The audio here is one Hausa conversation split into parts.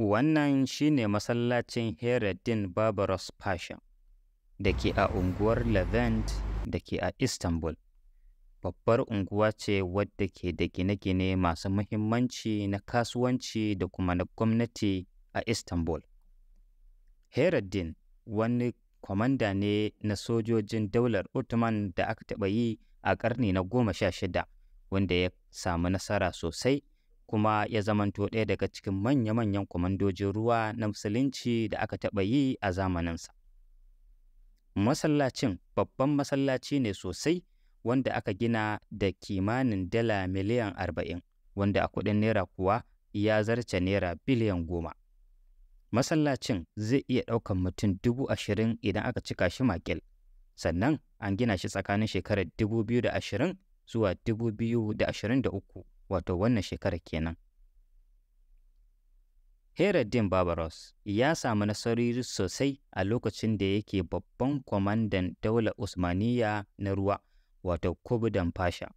Wannan shi ne masallacin Hereddin Barbaros Pasha da ke a unguwar Levant da ke a Istanbul. Babbar unguwa ce wadda ke da gine-gine masu muhimmanci na kasuwanci da kuma na gwamnati a Istanbul. Hereddin wani kwamanda ne na sojojin daular Ottoman da aka taɓa yi a ƙarni na goma sha shida, wanda ya samu nasara sosai kuma ya zamanto ɗaya daga cikin manya-manyan kwamandojin ruwa na musulunci da aka taɓa yi a zamaninsa. Masallacin babban masallaci ne sosai wanda aka gina da kimanin dala miliyan arba'in, wanda a kuɗin naira kuwa ya zarce naira biliyan goma. Masallacin zai iya ɗaukan mutum dubu ashirin idan aka cika shi makil, sannan an gina shi tsakanin shekarar dubu biyu da ashirin zuwa dubu biyu da ashirin da uku. wato wannan shekarar kenan. Herodin Barbaros ya samu nasarori sosai a lokacin da yake babban kwamandan daular Usmaniya na ruwa wato Kubudan Fasha,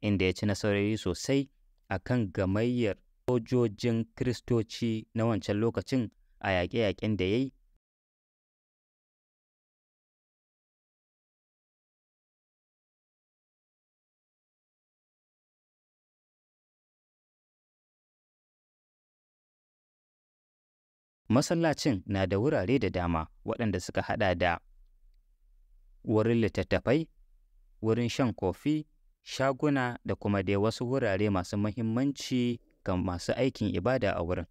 inda ya ci nasarori sosai a kan gamayyar sojojin Kiristoci na wancan lokacin a yaƙe-yaƙen da ya yi Masallacin na da wurare da dama waɗanda suka haɗa da wurin littattafai, wurin shan kofi, shaguna da kuma dai wasu wurare masu mahimmanci ga masu aikin ibada a wurin.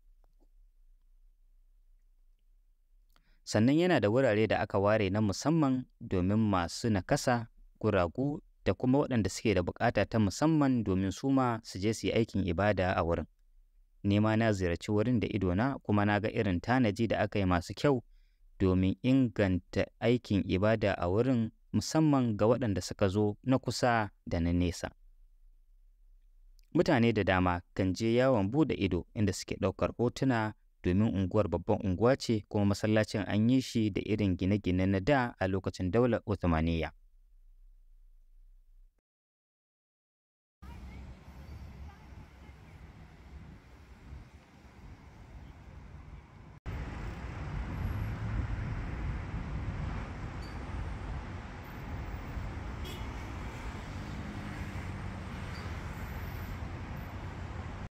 Sannan yana da wurare da aka ware na musamman domin masu nakasa, guragu da kuma waɗanda suke da buƙata ta musamman domin su ma su je su yi aikin ibada a wurin. nema na ziyarci wurin da idona kuma na ga irin tanaji da aka yi masu kyau domin inganta aikin ibada a wurin musamman ga waɗanda suka zo na kusa da na nesa. Mutane da dama kan je yawon buɗe ido inda suke ɗaukar hotuna domin unguwar babban unguwa ce kuma masallacin an yi shi da irin gine-gine na da a lokacin daular Uthmaniyya.